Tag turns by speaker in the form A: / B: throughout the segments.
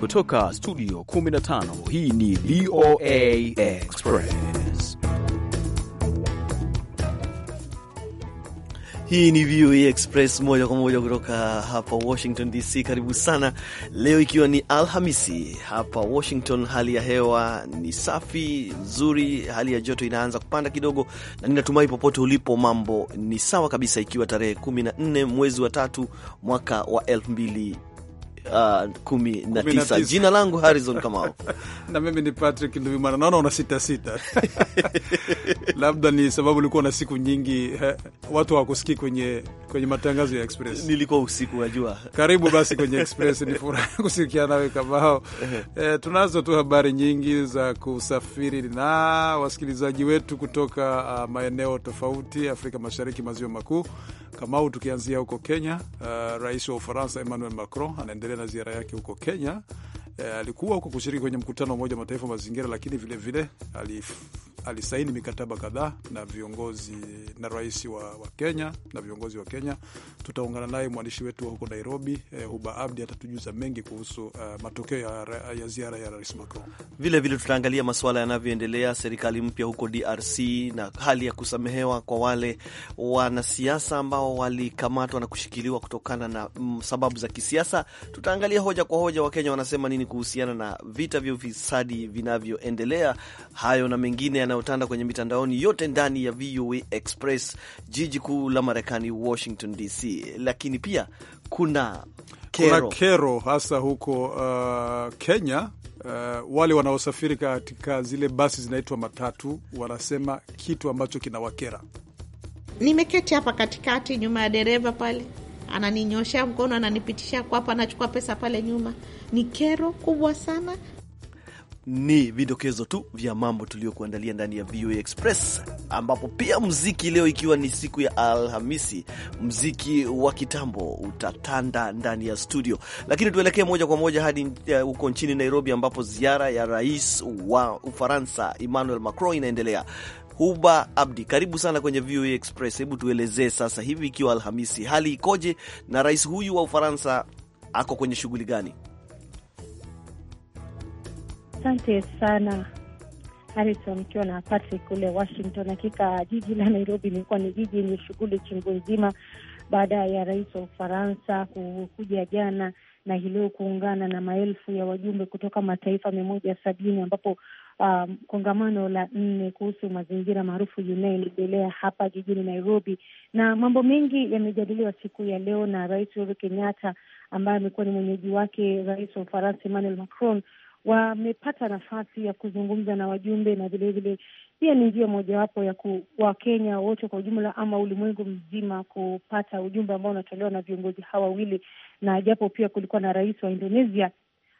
A: Kutoka studio 15 hii ni VOA Express. Hii ni VOA Express moja kwa moja kutoka hapa Washington DC. Karibu sana leo, ikiwa ni Alhamisi hapa Washington. Hali ya hewa ni safi nzuri, hali ya joto inaanza kupanda kidogo, na ninatumai popote ulipo mambo ni sawa kabisa, ikiwa tarehe 14 mwezi wa tatu mwaka wa 2020
B: Uh, kumi na tisa. Jina langu Harrison Kamau na mimi ni Patrick Ndumimana. Naona una sita sita labda ni sababu ulikuwa na siku nyingi, watu hawakusikii kwenye, kwenye matangazo ya Express. Nilikuwa usiku wa jua. Karibu basi kwenye Express, ni furaha kusikia nawe Kamao. E, eh, tunazo tu habari nyingi za kusafiri na wasikilizaji wetu kutoka uh, maeneo tofauti Afrika Mashariki, maziwa makuu. Kamau, tukianzia huko Kenya, uh, rais wa Ufaransa Emmanuel Macron anaendelea na ziara yake huko Kenya. E, alikuwa huko kushiriki kwenye mkutano wa Umoja wa Mataifa wa mazingira, lakini vilevile alisaini mikataba kadhaa na viongozi na rais wa, wa Kenya na viongozi wa Kenya. Tutaungana naye mwandishi wetu wa huko Nairobi eh, Huba Abdi atatujuza mengi kuhusu uh, matokeo ya, ya ziara ya rais Macron.
A: Vilevile tutaangalia masuala yanavyoendelea, serikali mpya huko DRC na hali ya kusamehewa kwa wale wanasiasa ambao walikamatwa na kushikiliwa kutokana na mm, sababu za kisiasa. Tutaangalia hoja kwa hoja, Wakenya wanasema nini kuhusiana na vita vya ufisadi vinavyoendelea, hayo na mengine yanayotanda kwenye mitandaoni yote ndani ya VOA e Express, jiji kuu
B: la Marekani, Washington DC. Lakini pia kuna kero, kuna kero hasa huko uh, Kenya. Uh, wale wanaosafiri katika zile basi zinaitwa matatu wanasema kitu ambacho kinawakera.
C: Nimeketi hapa katikati nyuma ya dereva pale, ananinyoshea mkono, ananipitisha kwapa, anachukua pesa pale nyuma. Ni kero kubwa sana
A: ni vidokezo tu vya mambo tuliyokuandalia ndani ya VOA Express, ambapo pia mziki leo, ikiwa ni siku ya Alhamisi, mziki wa kitambo utatanda ndani ya studio. Lakini tuelekee moja kwa moja hadi eh, huko nchini Nairobi, ambapo ziara ya rais wa Ufaransa Emmanuel Macron inaendelea. Huba Abdi, karibu sana kwenye VOA Express. Hebu tuelezee sasa hivi, ikiwa Alhamisi, hali ikoje na rais huyu wa Ufaransa ako kwenye shughuli gani?
D: Asante sana Harison ukiwa na Patrick kule Washington. Hakika jiji la Nairobi limekuwa ni jiji yenye shughuli chungu nzima baada ya rais wa Ufaransa kukuja jana na hii kuungana na maelfu ya wajumbe kutoka mataifa mia moja sabini ambapo um, kongamano la nne kuhusu mazingira maarufu UNEA iliendelea hapa jijini Nairobi, na mambo mengi yamejadiliwa siku ya leo na Rais Uhuru Kenyatta ambaye amekuwa ni mwenyeji wake Rais wa Ufaransa Emmanuel Macron wamepata nafasi ya kuzungumza na wajumbe, na vilevile pia ni njia mojawapo ya Wakenya wote kwa ujumla ama ulimwengu mzima kupata ujumbe ambao unatolewa na viongozi hawa wawili, na japo pia kulikuwa na rais wa Indonesia.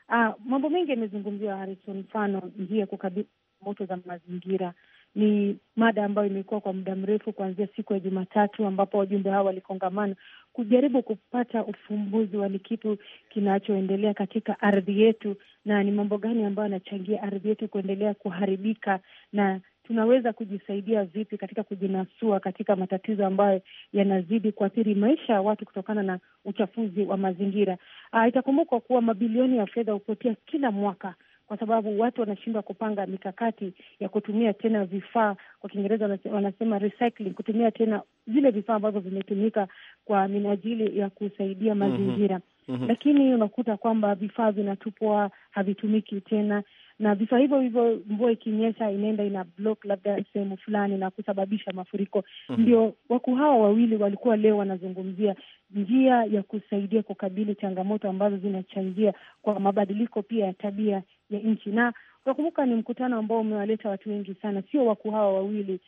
D: Ah, mambo mengi yamezungumziwa Harrison, mfano njia ya kukabili moto za mazingira ni mada ambayo imekuwa kwa muda mrefu kuanzia siku ya Jumatatu ambapo wajumbe hao walikongamana kujaribu kupata ufumbuzi wa ni kitu kinachoendelea katika ardhi yetu na ni mambo gani ambayo yanachangia ardhi yetu kuendelea kuharibika na tunaweza kujisaidia vipi katika kujinasua katika matatizo ambayo yanazidi kuathiri maisha ya watu kutokana na uchafuzi wa mazingira. Ah, itakumbukwa kuwa mabilioni ya fedha hupotea kila mwaka kwa sababu watu wanashindwa kupanga mikakati ya kutumia tena vifaa, kwa Kiingereza wanasema recycling, kutumia tena vile vifaa ambavyo vimetumika kwa minajili ya kusaidia mhm. mazingira. mm -hmm. Lakini unakuta kwamba vifaa vinatupwa, havitumiki tena na vifaa hivyo hivyo, mvua ikinyesha inaenda ina block labda sehemu fulani na kusababisha mafuriko. mm -hmm. Ndio wakuu hawa wawili walikuwa leo wanazungumzia njia ya kusaidia kukabili changamoto ambazo zinachangia kwa mabadiliko pia ya tabia ya nchi. Na unakumbuka ni mkutano ambao umewaleta watu wengi sana, sio wakuu hawa wawili,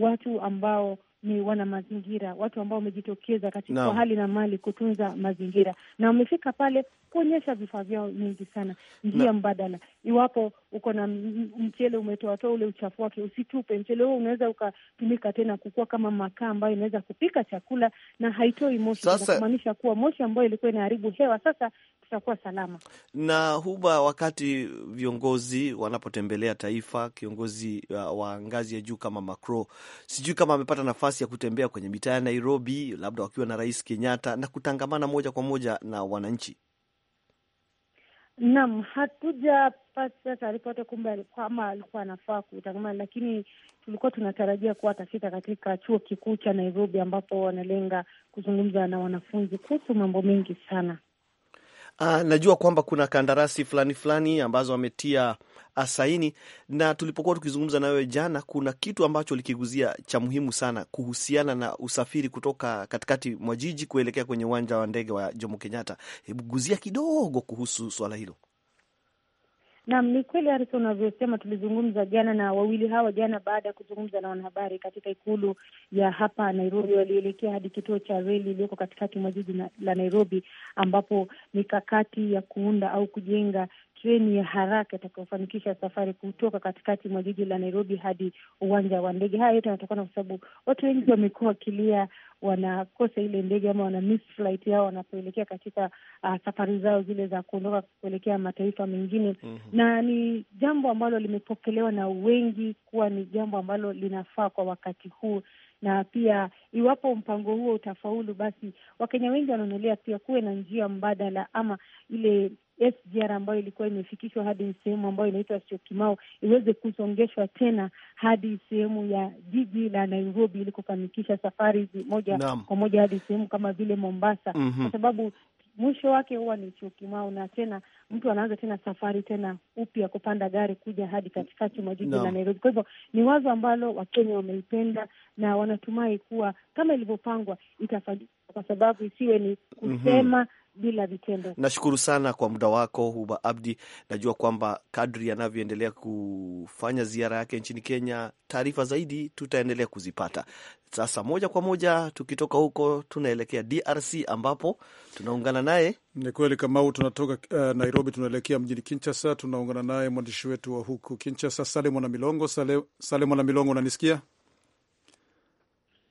D: watu ambao ni wana mazingira, watu ambao wamejitokeza katika no. hali na mali kutunza mazingira, na wamefika pale kuonyesha vifaa vyao nyingi sana, njia no. mbadala. Iwapo uko na mchele umetoatoa ule uchafu wake, usitupe mchele huo, unaweza ukatumika tena kukua kama makaa ambayo inaweza kupika chakula na haitoi moshi, kumaanisha kuwa moshi ambayo ilikuwa inaharibu hewa sasa tutakuwa salama.
A: Na Huba, wakati viongozi wanapotembelea taifa, kiongozi uh, wa ngazi ya juu kama Macron, sijui kama amepata nafasi ya kutembea kwenye mitaa ya Nairobi, labda wakiwa na Rais Kenyatta na kutangamana moja kwa moja na wananchi.
D: Naam, hatujapata taarifa yote kumbe kama alikuwa anafaa kutangamana, lakini tulikuwa tunatarajia kuwa atafika katika chuo kikuu cha Nairobi ambapo wanalenga kuzungumza na wanafunzi kuhusu mambo mengi sana.
A: Uh, najua kwamba kuna kandarasi fulani fulani ambazo ametia ah, saini, na tulipokuwa tukizungumza na wewe jana, kuna kitu ambacho likiguzia cha muhimu sana kuhusiana na usafiri kutoka katikati mwa jiji kuelekea kwenye uwanja wa ndege wa Jomo Kenyatta. Hebu guzia kidogo kuhusu swala hilo.
D: Naam, ni kweli Harison, unavyosema. Tulizungumza jana na wawili hawa jana, baada ya kuzungumza na wanahabari katika ikulu ya hapa Nairobi, walielekea hadi kituo cha reli iliyoko katikati mwa jiji la Nairobi, ambapo mikakati ya kuunda au kujenga treni ya haraka itakayofanikisha safari kutoka katikati mwa jiji la Nairobi hadi uwanja wa ndege. Haya yote yanatokana kwa sababu watu wengi wamekuwa wakilia, wanakosa ile ndege ama wana miss flight yao wanapoelekea katika uh, safari zao zile za kuondoka kuelekea mataifa mengine mm -hmm. na ni jambo ambalo limepokelewa na wengi kuwa ni jambo ambalo linafaa kwa wakati huu na pia iwapo mpango huo utafaulu, basi Wakenya wengi wanaonelea pia kuwe na njia mbadala ama ile SGR ambayo ilikuwa imefikishwa hadi sehemu ambayo inaitwa Syokimau iweze kusongeshwa tena hadi sehemu ya jiji la Nairobi ili kufanikisha safari moja kwa moja hadi sehemu kama vile Mombasa mm -hmm. kwa sababu mwisho wake huwa ni Syokimau na tena mtu anaanza tena safari tena upya kupanda gari kuja hadi katikati mwa jiji la Nairobi. Kwa hivyo ni wazo ambalo Wakenya wameipenda na wanatumai kuwa kama ilivyopangwa itafanyika, kwa sababu isiwe ni mhm. kusema mm -hmm bila vitendo.
A: Nashukuru sana kwa muda wako Huba Abdi. Najua kwamba kadri anavyoendelea kufanya ziara yake nchini Kenya, taarifa zaidi tutaendelea kuzipata. Sasa moja kwa moja tukitoka
B: huko tunaelekea DRC ambapo tunaungana naye. Ni kweli Kamau, tunatoka uh, Nairobi tunaelekea mjini kinchasa Tunaungana naye mwandishi wetu wa huku kinchasa Sale Mwana Milongo. Sale Mwana Milongo, unanisikia?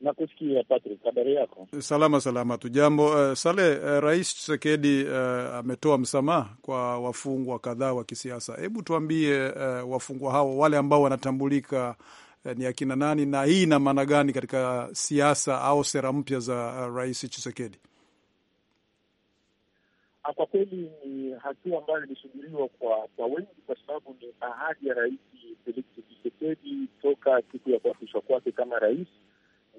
E: Nakusikia Patrick, habari
B: yako? Salama salama tu, jambo. Uh, eh, Sale, uh, eh, Rais chisekedi uh, eh, ametoa msamaha kwa wafungwa kadhaa wa kisiasa. Hebu tuambie uh, wafungwa hao wale ambao wanatambulika uh, ni akina nani, na hii ina maana gani katika siasa au sera mpya za uh, Rais Chisekedi?
E: Ah, kwa kweli ni hatua ambayo ilisubiriwa kwa kwa wengi, kwa sababu ni ahadi ya Rais Felix Tshisekedi toka siku ya kuapishwa kwake kama rais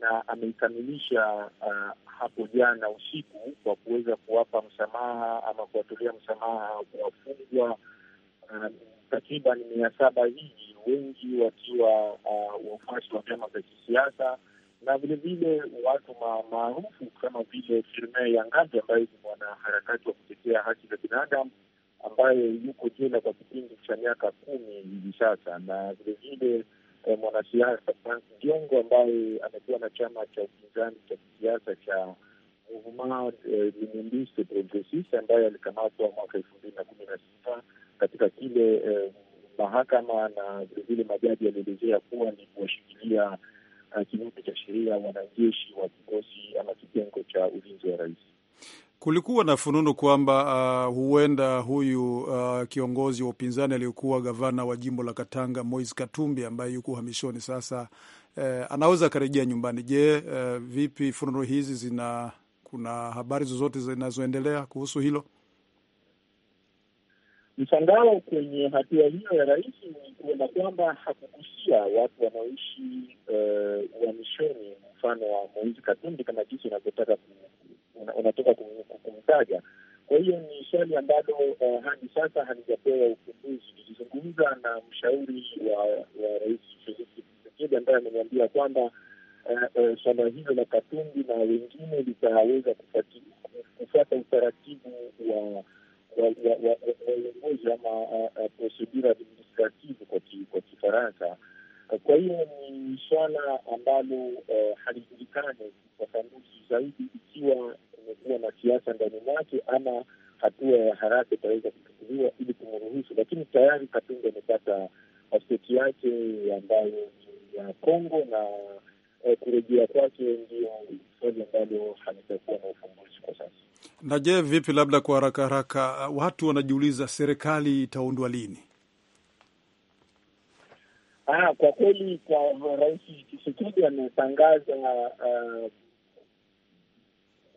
E: na ameikamilisha uh, hapo jana usiku kwa kuweza kuwapa msamaha ama kuwatolea msamaha wafungwa uh, takriban mia saba hivi, wengi wakiwa uh, wafuasi wa vyama vya kisiasa na vilevile watu maarufu kama vile firme Yangavi ambaye ni mwanaharakati wa kutetea haki za binadamu ambaye yuko jela kwa kipindi cha miaka kumi hivi sasa, na vilevile eh, mwanasiasa Frank Jongo ambaye amekuwa na chama cha upinzani cha kisiasa cha Mouvement Progressiste ambaye alikamatwa mwaka elfu mbili na kumi na sita katika kile eh, mahakama na vilevile majaji alielezea kuwa ni kuwashikilia eh, kinyume cha sheria wanajeshi wa kikosi ama kitengo cha ulinzi wa rais
B: kulikuwa na fununu kwamba uh, huenda huyu uh, kiongozi wa upinzani aliyekuwa gavana wa jimbo la Katanga Moise Katumbi ambaye yuko uhamishoni sasa, uh, anaweza akarejea nyumbani. Je, uh, vipi fununu hizi zina, kuna habari zozote zinazoendelea kuhusu hilo?
E: Mshangao kwenye hatua hiyo ya rais ni kuona kwamba hakugusia watu wanaoishi eh, uhamishoni, mfano wa Moise Katumbi kama jinsi inavyotaka unatoka kumtaja. Kwa hiyo ni swali ambalo uh, hadi sasa halijapewa ufumbuzi. Nilizungumza na mshauri wa, wa rais felisi Tshisekedi ambaye ameniambia kwamba uh, uh, swala hilo la Katumbi na wengine litaweza kufuata utaratibu wa uongozi ama prosedura administrative kwa Kifaransa. Kwa hiyo ni swala ambalo halijulikani ufafanuzi zaidi yake ama hatua ya haraka itaweza kuchukuliwa ili kumruhusu, lakini tayari Katumbi amepata pasipoti yake ambayo ni ya Kongo na eh, kurejea kwake ndio swali ambalo halitakuwa na ufumbuzi kwa sasa.
B: Na je, vipi, labda kwa haraka haraka, uh, watu wanajiuliza serikali itaundwa lini?
E: Ah, kwa kweli kwa Rais Tshisekedi ametangaza uh,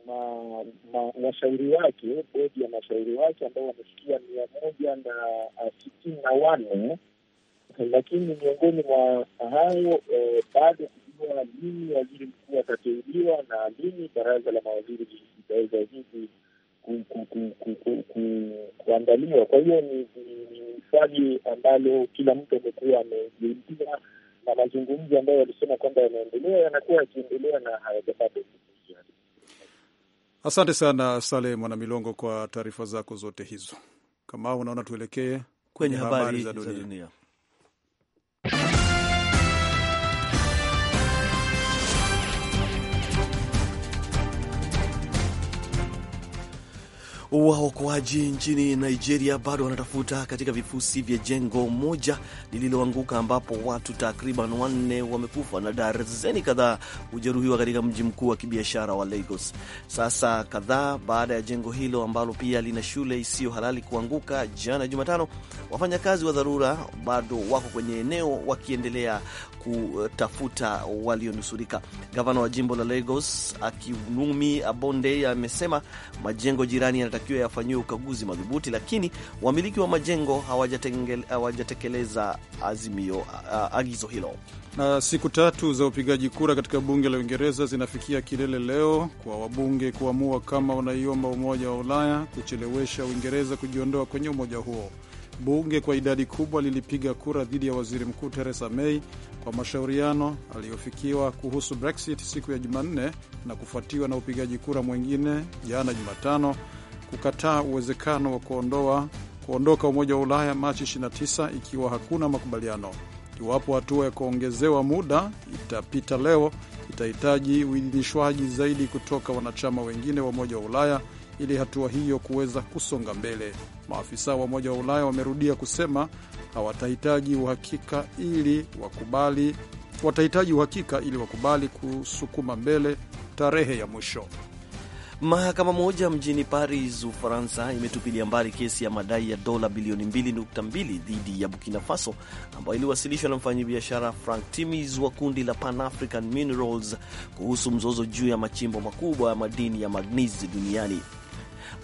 E: na washauri wake, bodi ya mashauri wake ambao wamefikia mia moja na ah, sitini na wanne lakini miongoni mwa hayo eh, bado kujua lini waziri mkuu atateuliwa na lini baraza la mawaziri litaweza hivi kuandaliwa. Kwa hiyo ni swali ambalo kila mtu amekuwa amejiuliza, na mazungumzo ambayo walisema kwamba yanaendelea yanakuwa yakiendelea na hayajapata
B: Asante sana Sale Mwanamilongo kwa taarifa zako zote hizo. Kama unaona, tuelekee kwenye habari za dunia.
A: Waokoaji nchini Nigeria bado wanatafuta katika vifusi vya jengo moja lililoanguka ambapo watu takriban wanne wamekufa na darzeni kadhaa hujeruhiwa katika mji mkuu wa kibiashara wa Lagos, sasa kadhaa baada ya jengo hilo ambalo pia lina shule isiyo halali kuanguka jana Jumatano. Wafanyakazi wa dharura bado wako kwenye eneo wakiendelea kutafuta walionusurika. Gavana wa jimbo la Lagos Akinwumi Abonde amesema majengo jirani yanatakiwa yafanyiwe ukaguzi madhubuti, lakini wamiliki wa majengo hawajatekeleza azimio agizo hilo.
B: Na siku tatu za upigaji kura katika bunge la Uingereza zinafikia kilele leo kwa wabunge kuamua kama wanaiomba Umoja wa Ulaya kuchelewesha Uingereza kujiondoa kwenye umoja huo. Bunge kwa idadi kubwa lilipiga kura dhidi ya waziri mkuu Theresa May kwa mashauriano aliyofikiwa kuhusu Brexit siku ya Jumanne na kufuatiwa na upigaji kura mwingine jana Jumatano kukataa uwezekano wa kuondoa kuondoka Umoja wa Ulaya Machi 29 ikiwa hakuna makubaliano. Iwapo hatua ya kuongezewa muda itapita leo, itahitaji uidhinishwaji zaidi kutoka wanachama wengine wa Umoja wa Ulaya ili hatua hiyo kuweza kusonga mbele. Maafisa wa Umoja wa Ulaya wamerudia kusema hawatahitaji uhakika ili wakubali, watahitaji uhakika ili wakubali kusukuma mbele tarehe ya mwisho.
A: Mahakama moja mjini Paris, Ufaransa, imetupilia mbali kesi ya madai ya dola bilioni 2.2 dhidi ya Burkina Faso ambayo iliwasilishwa na mfanyabiashara Frank Timis wa kundi la Pan African Minerals kuhusu mzozo juu ya machimbo makubwa ya madini ya magnesi duniani.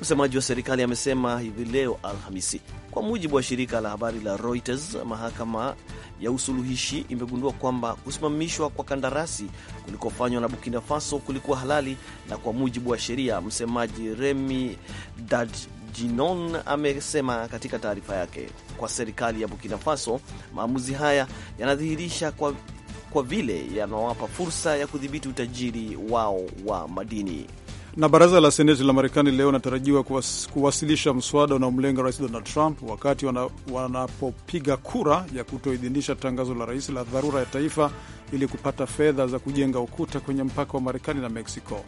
A: Msemaji wa serikali amesema hivi leo Alhamisi. Kwa mujibu wa shirika la habari la Reuters, mahakama ya usuluhishi imegundua kwamba kusimamishwa kwa kandarasi kulikofanywa na Burkina Faso kulikuwa halali na kwa mujibu wa sheria. Msemaji Remi Jinon amesema katika taarifa yake, kwa serikali ya Burkina Faso maamuzi haya yanadhihirisha kwa, kwa vile yanawapa fursa ya kudhibiti utajiri wao wa
B: madini. Na baraza la seneti la Marekani leo inatarajiwa kuwas, kuwasilisha mswada unaomlenga rais Donald Trump wakati wana, wanapopiga kura ya kutoidhinisha tangazo la rais la dharura ya taifa ili kupata fedha za kujenga ukuta kwenye mpaka wa Marekani na Mexico.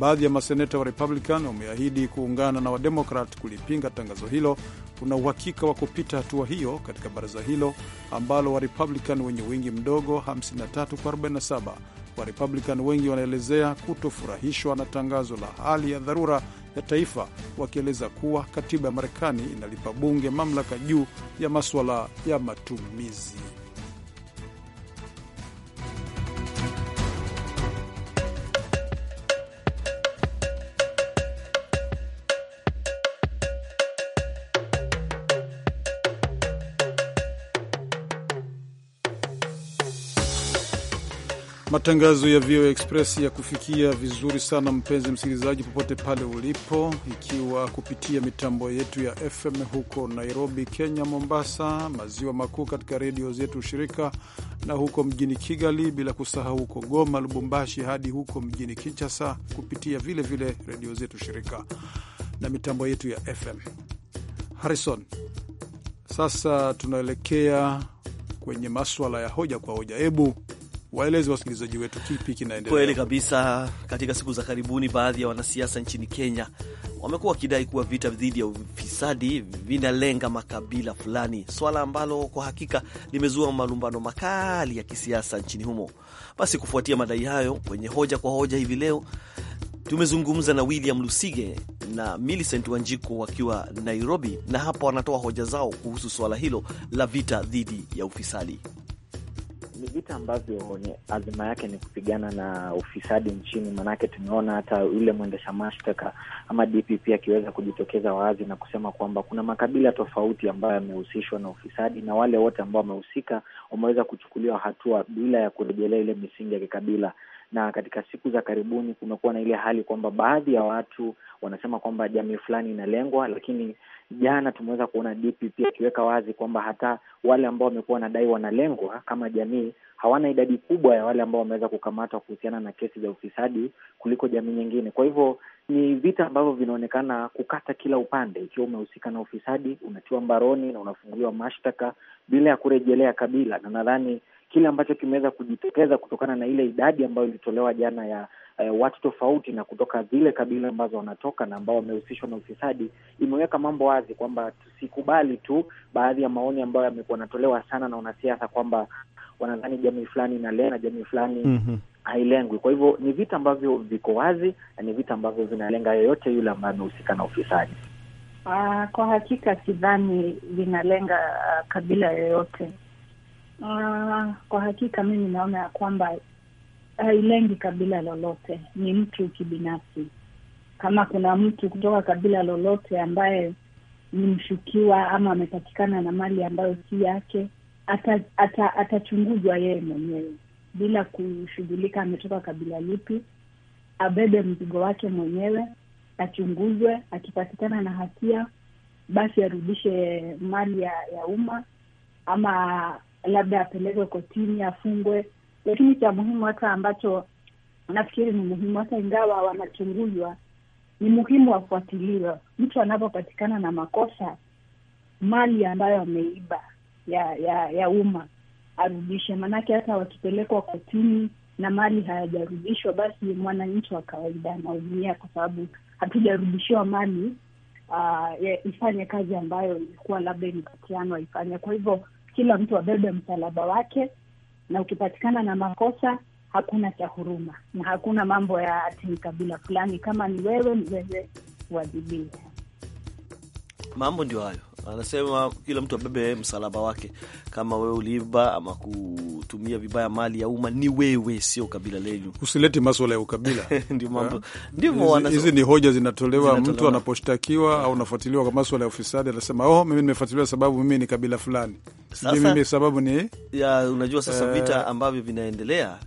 B: Baadhi ya maseneta wa Republican wameahidi kuungana na Wademokrat kulipinga tangazo hilo. Kuna uhakika wa kupita hatua hiyo katika baraza hilo ambalo Warepublican wenye wingi mdogo 53 kwa 47 Warepublican wengi wanaelezea kutofurahishwa na tangazo la hali ya dharura ya taifa, wakieleza kuwa katiba ya Marekani inalipa bunge mamlaka juu ya maswala ya matumizi Matangazo ya VOA Express ya kufikia vizuri sana, mpenzi msikilizaji, popote pale ulipo, ikiwa kupitia mitambo yetu ya FM huko Nairobi, Kenya, Mombasa, maziwa makuu, katika redio zetu shirika, na huko mjini Kigali, bila kusahau huko Goma, Lubumbashi, hadi huko mjini Kinshasa kupitia vilevile redio zetu shirika na mitambo yetu ya FM. Harrison, sasa tunaelekea kwenye maswala ya hoja kwa hoja. Hebu waeleze wasikilizaji wetu kipi kinaendelea. Kweli kabisa, katika siku za karibuni
A: baadhi ya wanasiasa nchini Kenya wamekuwa wakidai kuwa vita dhidi ya ufisadi vinalenga makabila fulani, swala ambalo kwa hakika limezua malumbano makali ya kisiasa nchini humo. Basi kufuatia madai hayo, kwenye hoja kwa hoja hivi leo tumezungumza na William Lusige na Millicent Wanjiko wakiwa Nairobi, na hapa wanatoa hoja zao kuhusu suala hilo la vita dhidi ya ufisadi
F: ni vita ambavyo azima yake ni kupigana na ufisadi nchini, maanake tumeona hata yule mwendesha mashtaka ama DPP akiweza kujitokeza wazi na kusema kwamba kuna makabila tofauti ambayo yamehusishwa na ufisadi na wale wote ambao wamehusika wameweza kuchukuliwa hatua bila ya kurejelea ile misingi ya kikabila na katika siku za karibuni kumekuwa na ile hali kwamba baadhi ya watu wanasema kwamba jamii fulani inalengwa, lakini jana tumeweza kuona DPP akiweka wazi kwamba hata wale ambao wamekuwa wanadai wanalengwa kama jamii hawana idadi kubwa ya wale ambao wameweza kukamatwa kuhusiana na kesi za ufisadi kuliko jamii nyingine. Kwa hivyo ni vita ambavyo vinaonekana kukata kila upande. Ikiwa umehusika na ufisadi, unatiwa mbaroni na unafunguliwa mashtaka bila ya kurejelea kabila, na nadhani kile ambacho kimeweza kujitokeza kutokana na ile idadi ambayo ilitolewa jana ya eh, watu tofauti na kutoka zile kabila ambazo wanatoka na ambao wamehusishwa na ufisadi, imeweka mambo wazi kwamba tusikubali tu baadhi ya maoni ambayo yamekuwa yanatolewa sana na wanasiasa kwamba wanadhani jamii fulani inalea na jamii fulani mm -hmm hailengwi. Kwa hivyo ni vita ambavyo viko wazi na ni vita ambavyo vinalenga yoyote yule ambaye amehusika na ufisadi. Ah, kwa hakika
G: sidhani vinalenga ah, kabila yoyote. Ah, kwa hakika mimi naona ya kwamba ah, hailengi kabila lolote, ni mtu kibinafsi. Kama kuna mtu kutoka kabila lolote ambaye ni mshukiwa ama amepatikana na mali ambayo si yake, atachunguzwa ata, ata yeye mwenyewe bila kushughulika ametoka kabila lipi, abebe mzigo wake mwenyewe, achunguzwe. Akipatikana na hatia, basi arudishe mali ya, ya umma ama labda apelekwe kotini, afungwe. Lakini cha muhimu hata ambacho nafikiri ni muhimu hata ingawa wanachunguzwa, ni muhimu wafuatiliwe. Mtu anapopatikana na makosa, mali ambayo ameiba ya ya ya umma arudishe, maanake hata wakipelekwa kotini na mali hayajarudishwa, basi mwananchi wa kawaida anaumia, kwa sababu hatujarudishiwa mali uh, ifanye kazi ambayo ilikuwa labda imepatianwa ifanye. Kwa hivyo kila mtu abebe msalaba wake, na ukipatikana na makosa hakuna cha huruma na hakuna mambo ya ati kabila fulani. Kama ni wewe, ni wewe uadhibiwe.
A: Mambo ndio hayo anasema kila mtu abebe msalaba wake. Kama wewe uliiba ama kutumia
B: vibaya mali ya umma, ni wewe, sio kabila lenyu Usileti maswala ya ukabila. Ndio mambo, eh? ndivyo Hizi ni hoja zinatolewa, zinatolewa mtu anaposhtakiwa eh. au anafuatiliwa kwa maswala ya ufisadi, anasema oh, mimi nimefuatiliwa sababu mimi ni kabila fulani, sasa mimi sababu ni
A: ya, unajua sasa eh. vita ambavyo vinaendelea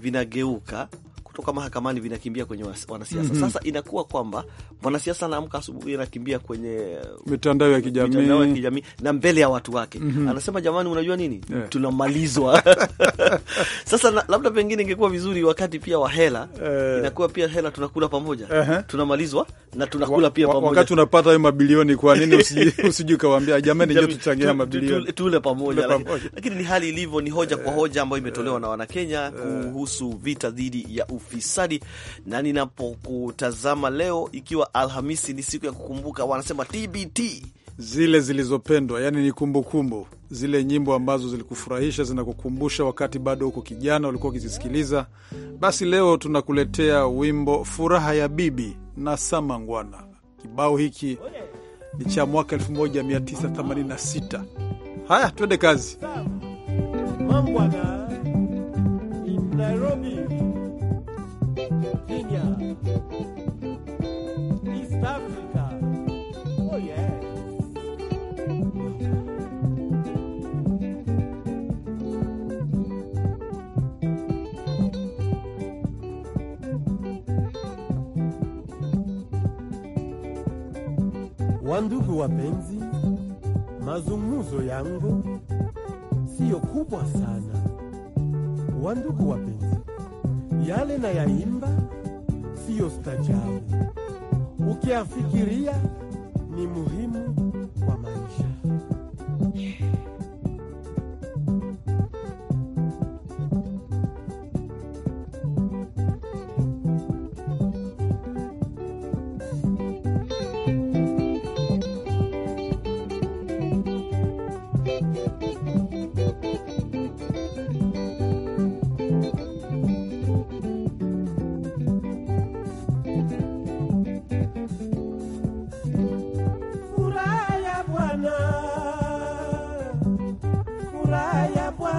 A: vinageuka kutoka mahakamani vinakimbia kwenye wanasiasa. mm -hmm. Sasa inakuwa kwamba mwanasiasa anaamka asubuhi, anakimbia kwenye mitandao ya kijamii kijamii na mbele ya watu wake mm -hmm. anasema jamani, unajua nini? yeah. tunamalizwa Sasa na, labda pengine ingekuwa vizuri wakati pia wa hela eh. inakuwa pia hela tunakula
B: pamoja uh -huh.
A: tunamalizwa na tunakula wa, pia pamoja wakati
B: unapata hayo mabilioni, kwa nini usijui ukawaambia jamani, ndio tuchangia mabilioni tu, tu,
A: tule pamoja, lakini ni hali ilivyo, ni hoja kwa eh. hoja ambayo imetolewa eh. na Wanakenya eh. kuhusu vita dhidi ya ufisadi. Na ninapokutazama leo, ikiwa Alhamisi ni siku ya kukumbuka, wanasema TBT
B: zile zilizopendwa, yani ni kumbukumbu kumbu. Zile nyimbo ambazo zilikufurahisha zinakukumbusha wakati bado huko kijana ulikuwa ukizisikiliza. Basi leo tunakuletea wimbo Furaha ya Bibi na Samangwana. Kibao hiki ni cha mwaka 1986. Haya, twende kazi
A: Mambwana,
B: Nairobi.
A: Wandugu wapenzi, mazungumzo yangu siyo kubwa sana. Wandugu wapenzi, yale na yaimba siyo
B: stajabu, ukiafikiria ni muhimu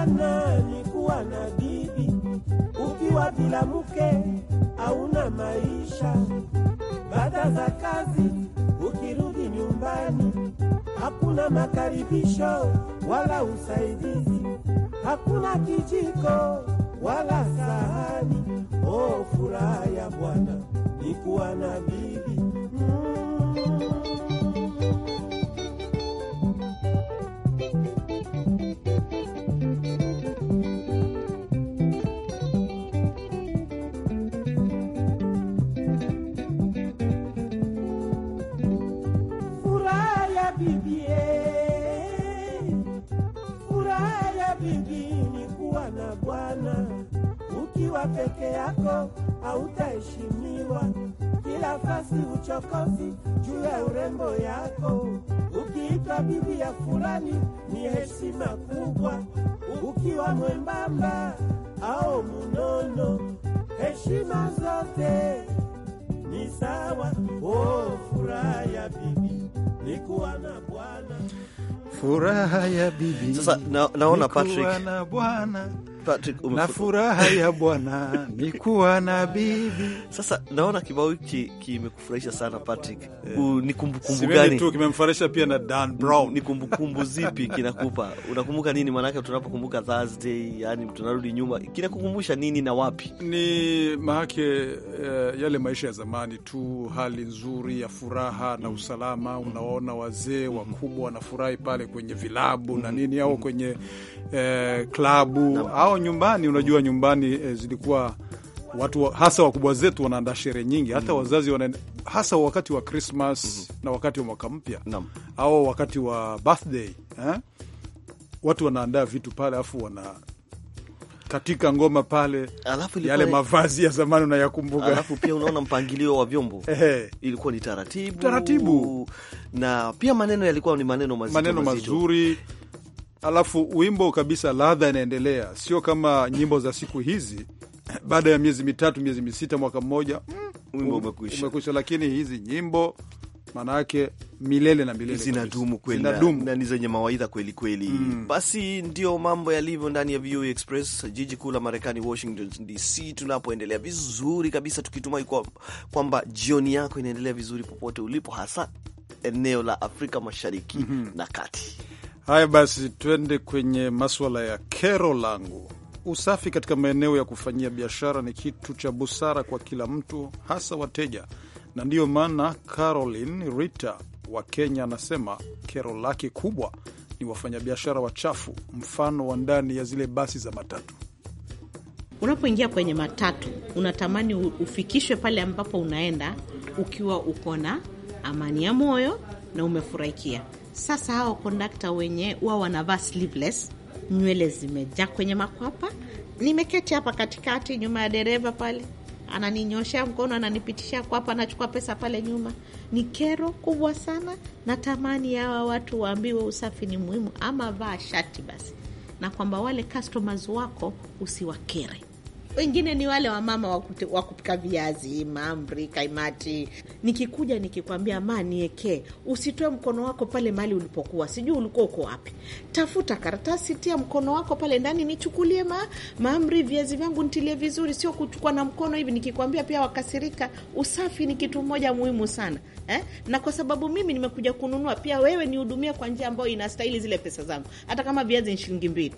A: sana ni kuwa na bibi. Ukiwa bila mke hauna maisha. Baada za kazi ukirudi nyumbani, hakuna makaribisho wala usaidizi, hakuna kijiko wala sahani. Oh, furaha ya Bwana ni kuwa na bibi mm. yako hautaheshimiwa, kila fasi uchokozi juu ya urembo yako. Ukiitwa bibi ya fulani ni heshima kubwa, ukiwa mwembamba au munono, heshima zote
D: ni sawa. Oh, furaha ya bibi ni kuwa na bwana,
A: furaha ya bibi. Sasa naona Patrick
B: na bwana na furaha ya Bwana ni kuwa na bibi.
A: Sasa naona kibao hiki kimekufurahisha sana Patrick, yeah. Ni kumbukumbu gani tu kimemfurahisha pia na Dan Brown? Ni kumbukumbu zipi kinakupa? Unakumbuka nini? Maanake tunapokumbuka Thursday, yani
B: tunarudi nyuma, kinakukumbusha nini na wapi? Ni maake uh, eh, yale maisha ya zamani tu, hali nzuri ya furaha na mm. usalama. Mm. Unaona wazee mm. wakubwa wanafurahi pale kwenye vilabu na nini, au kwenye uh, klabu au kwao nyumbani. Unajua nyumbani eh, zilikuwa watu wa, hasa wakubwa zetu wanaandaa sherehe nyingi hata mm. wazazi wana, hasa wakati wa Krismas mm -hmm. na wakati wa mwaka mpya au wakati wa birthday eh? watu wanaandaa vitu pale afu wana katika ngoma pale, alafu yale mavazi ya zamani unayakumbuka. Alafu pia unaona mpangilio
A: wa vyombo ilikuwa ni taratibu taratibu, na pia maneno yalikuwa ni maneno
B: mazito, maneno mazuri alafu wimbo kabisa ladha inaendelea, sio kama nyimbo za siku hizi baada ya miezi mitatu, miezi misita, mwaka mmoja mm, wimbo um, umekwisha, umekwisha. Lakini hizi nyimbo maanayake milele na milele zinadumu kweli
A: na ni zenye mawaidha kweli kweli. Mm. Basi ndio mambo yalivyo ndani ya VOA e Express, jiji kuu la Marekani, Washington DC, tunapoendelea vizuri kabisa, tukitumai kwamba kwa jioni yako inaendelea vizuri popote ulipo, hasa eneo la Afrika Mashariki mm -hmm.
B: na Kati. Haya basi, twende kwenye maswala ya kero langu. Usafi katika maeneo ya kufanyia biashara ni kitu cha busara kwa kila mtu, hasa wateja, na ndiyo maana Caroline Rita wa Kenya anasema kero lake kubwa ni wafanyabiashara wachafu, mfano wa ndani ya zile basi za matatu.
C: Unapoingia kwenye matatu, unatamani ufikishwe pale ambapo unaenda ukiwa uko na amani ya moyo na umefurahikia sasa hawa kondakta wenye wao wanavaa sleeveless, nywele zimejaa kwenye makwapa. Nimeketi hapa katikati nyuma ya dereva pale, ananinyoshea mkono, ananipitishia kwapa, anachukua pesa pale nyuma. Ni kero kubwa sana. Natamani hawa watu waambiwe usafi ni muhimu, ama vaa shati basi, na kwamba wale customers wako usiwakere wengine ni wale wamama wa kupika viazi, mamri, kaimati. Nikikuja nikikwambia ma niekee, usitoe mkono wako pale mahali ulipokuwa, sijui ulikuwa uko wapi. Tafuta karatasi, tia mkono wako pale ndani, nichukulie ma, mamri, viazi vyangu ntilie vizuri, sio kuchukua na mkono hivi. Nikikwambia pia wakasirika. Usafi ni kitu moja muhimu sana eh? Na kwa sababu mimi nimekuja kununua, pia wewe nihudumia kwa njia ambayo inastahili zile pesa zangu, hata kama viazi ni shilingi mbili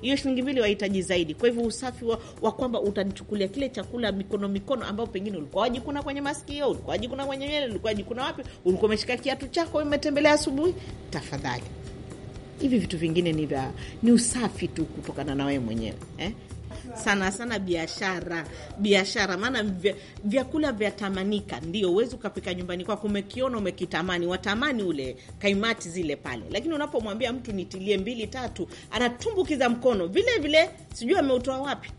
C: hiyo shilingi mbili wahitaji zaidi. Kwa hivyo usafi wa, wa kwamba utanichukulia kile chakula mikono mikono, ambao pengine ulikuwa wajikuna kwenye masikio, ulikuwa wajikuna kwenye nywele, ulikuwa wajikuna wapi, ulikuwa umeshika kiatu chako umetembelea asubuhi, tafadhali. Hivi vitu vingine ni vya ni usafi tu kutokana na wewe mwenyewe eh? sana sana biashara, biashara. Maana vyakula vya tamanika, ndio uwezi ukapika nyumbani kwako, umekiona umekitamani, watamani ule kaimati zile pale, lakini unapomwambia mtu nitilie mbili tatu, anatumbukiza mkono vile vile, sijui ameutoa wapi.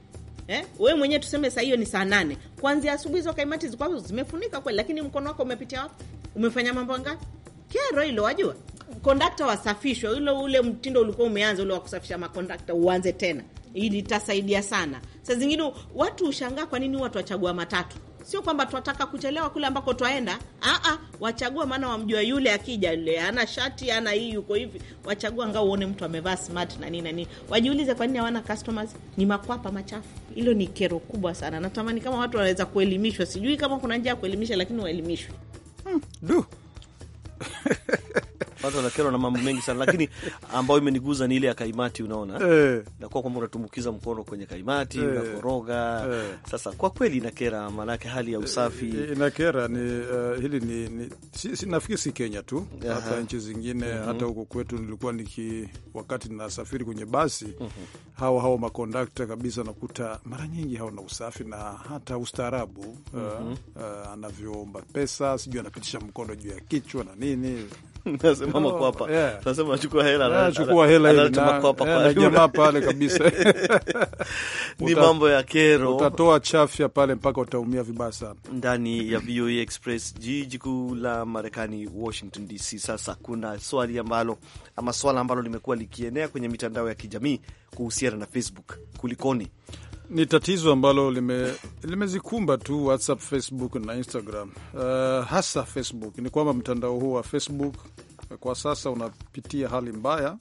C: Eh, we mwenyewe tuseme saa hiyo ni saa nane kwanzia asubuhi, hizo kaimati zikwazo zimefunika kweli, lakini mkono wako umepitia wapi? Umefanya mambo angapi? Kero hilo wajua kondakta wasafishwe, ule ule mtindo ulikuwa umeanza ule wa kusafisha makondakta uanze tena, ili itasaidia sana. Saa zingine watu ushangaa, kwa nini watu wachagua matatu. Sio kwamba twataka kuchelewa kule ambako twaenda, aa, wachagua maana wamjua yule akija, yule ana shati ana hii yuko hivi, wachagua ngao, uone mtu amevaa smart na nini na nini. Wajiulize kwa nini hawana customers? Ni makwapa machafu. Hilo ni kero kubwa sana. Natamani kama watu wanaweza kuelimishwa, sijui kama kuna njia ya kuelimisha, lakini waelimishwe. Hmm, du
A: watu wanakerwa na mambo mengi sana, lakini ambayo imeniguza ni ile ya kaimati. Unaona eh, nakuwa kwamba unatumbukiza mkono kwenye kaimati eh, unakoroga eh. Sasa kwa kweli inakera, maanake hali ya eh, usafi eh,
B: inakera ni uh, hili ni, ni si, si, nafikiri si Kenya tu hata nchi zingine mm -hmm. hata huko kwetu nilikuwa niki wakati nasafiri kwenye basi mm -hmm. hawa hawa makondakta kabisa, nakuta mara nyingi hawana usafi na hata ustaarabu mm -hmm. uh, uh, anavyoomba pesa sijui anapitisha mkono juu ya kichwa na nini nasema oh, makwapa, nasema hela, hela na jamaa pale kabisa. Ni mambo ya kero, utatoa chafya pale mpaka utaumia vibaya sana. Ndani ya
A: VOA e Express, jiji kuu la Marekani, Washington DC. Sasa kuna swali ambalo
B: ama swala ambalo limekuwa likienea kwenye mitandao ya kijamii kuhusiana na Facebook, kulikoni? ni tatizo ambalo limezikumba lime tu WhatsApp, Facebook na Instagram. Uh, hasa Facebook ni kwamba mtandao huu wa Facebook kwa sasa unapitia hali mbaya,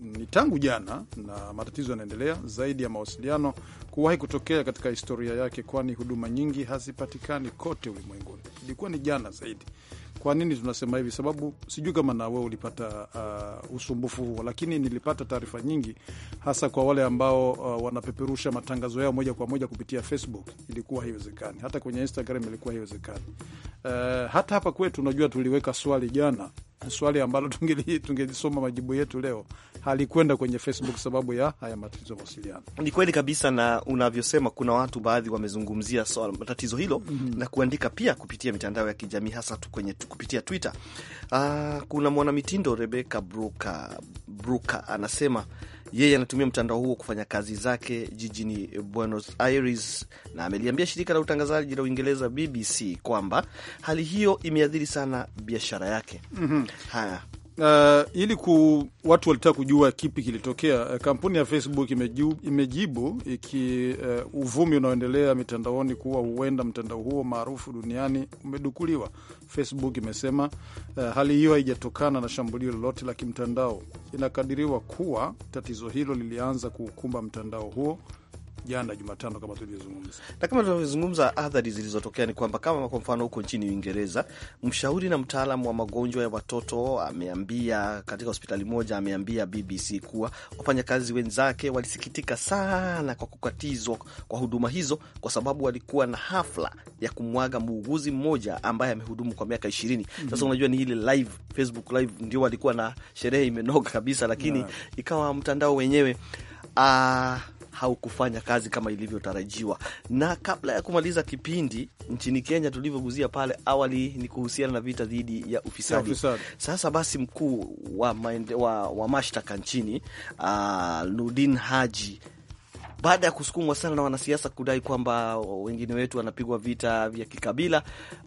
B: ni tangu jana, na matatizo yanaendelea zaidi ya mawasiliano kuwahi kutokea katika historia yake, kwani huduma nyingi hazipatikani kote ulimwenguni. Ilikuwa ni jana zaidi kwa nini tunasema hivi? Sababu sijui kama na wewe ulipata uh, usumbufu huo, lakini nilipata taarifa nyingi, hasa kwa wale ambao uh, wanapeperusha matangazo yao moja kwa moja kupitia Facebook. Ilikuwa haiwezekani, hata kwenye Instagram ilikuwa haiwezekani. Eh, hata hapa kwetu unajua, tuliweka swali jana, swali ambalo tungelisoma majibu yetu leo halikwenda kwenye Facebook sababu ya haya matatizo ya mawasiliano. Ni kweli kabisa,
A: na unavyosema, kuna watu baadhi wamezungumzia tatizo hilo mm -hmm. na kuandika pia kupitia mitandao ya kijamii hasa kwenye kupitia Twitter. Uh, kuna mwanamitindo Rebecca Bruka, Bruka anasema yeye anatumia mtandao huo kufanya kazi zake jijini Buenos Aires, na ameliambia shirika la utangazaji la Uingereza BBC kwamba hali hiyo imeathiri sana biashara yake. mm -hmm. Haya,
B: Uh, ili ku, watu walitaka kujua kipi kilitokea. Uh, kampuni ya Facebook imejibu, imejibu iki uh, uvumi unaoendelea mitandaoni kuwa huenda mtandao huo maarufu duniani umedukuliwa. Facebook imesema uh, hali hiyo haijatokana na shambulio lolote la kimtandao. Inakadiriwa kuwa tatizo hilo lilianza kuukumba mtandao huo jana Jumatano kama tulivyozungumza. Na kama tunavyozungumza, athari zilizotokea ni kwamba kama kwa mfano
A: huko nchini Uingereza, mshauri na mtaalam wa magonjwa ya watoto ameambia katika hospitali moja, ameambia BBC kuwa wafanyakazi wenzake walisikitika sana kwa kukatizwa kwa huduma hizo, kwa sababu walikuwa na hafla ya kumwaga muuguzi mmoja ambaye amehudumu kwa miaka ishirini. Mhm. Sasa mm -hmm. Unajua ni ile live Facebook live ndio walikuwa na sherehe imenoga kabisa, lakini yeah. ikawa mtandao wenyewe uh, haukufanya kazi kama ilivyotarajiwa. Na kabla ya kumaliza kipindi, nchini Kenya tulivyoguzia pale awali, ni kuhusiana na vita dhidi ya ufisadi. Sasa basi, mkuu wa, wa, wa mashtaka nchini uh, Nurdin Haji baada ya kusukumwa sana na wanasiasa kudai kwamba wengine wetu wanapigwa vita vya kikabila,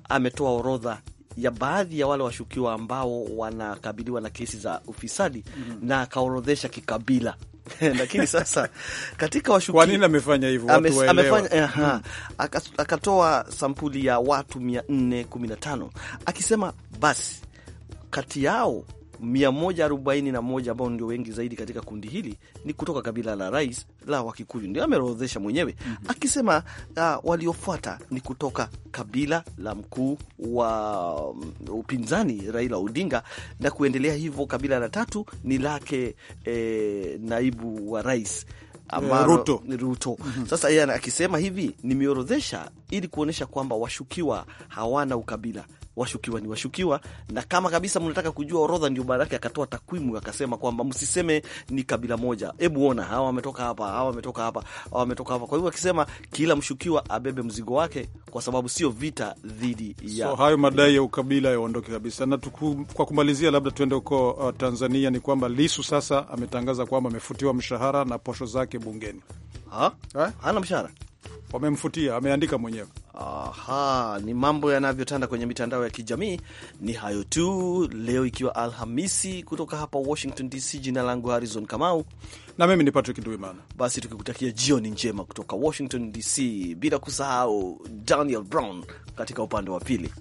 A: ametoa orodha ya baadhi ya wale washukiwa ambao wanakabiliwa na kesi za ufisadi mm -hmm. na akaorodhesha kikabila lakini sasa katika washuki... kwa nini amefanya hivyo watu waelewe? Amefanya hmm. akatoa sampuli ya watu 415 akisema basi kati yao 141 ambao ndio wengi zaidi katika kundi hili ni kutoka kabila la rais la Wakikuyu, ndio ameorodhesha mwenyewe mm -hmm. akisema uh, waliofuata ni kutoka kabila la mkuu wa mm, upinzani Raila Odinga na kuendelea hivyo. Kabila la tatu ni lake eh, naibu wa rais eh, Amaro, Ruto. Ruto. Mhm. Sasa yeye akisema hivi, nimeorodhesha ili kuonyesha kwamba washukiwa hawana ukabila washukiwa ni washukiwa, na kama kabisa mnataka kujua orodha, ndio baada akatoa takwimu akasema kwamba msiseme ni kabila moja, hebu ona hawa wametoka hapa, hawa wametoka hapa, hawa wametoka hapa. Kwa hivyo akisema kila mshukiwa abebe mzigo wake, kwa sababu sio vita
B: dhidi ya so, hayo madai ya ukabila yaondoke kabisa. Na tuku, kwa kumalizia, labda tuende huko uh, Tanzania, ni kwamba Lisu sasa ametangaza kwamba amefutiwa mshahara na posho zake bungeni. Ha? Ha? Eh? Hana mshahara wamemfutia, ameandika mwenyewe. Aha, ni mambo yanavyotanda
A: kwenye mitandao ya kijamii. Ni hayo tu leo, ikiwa Alhamisi. Kutoka hapa Washington DC, jina langu Harrison Kamau na mimi ni Patrick Nduimana. Basi tukikutakia jioni njema kutoka Washington DC, bila kusahau Daniel Brown katika upande wa pili.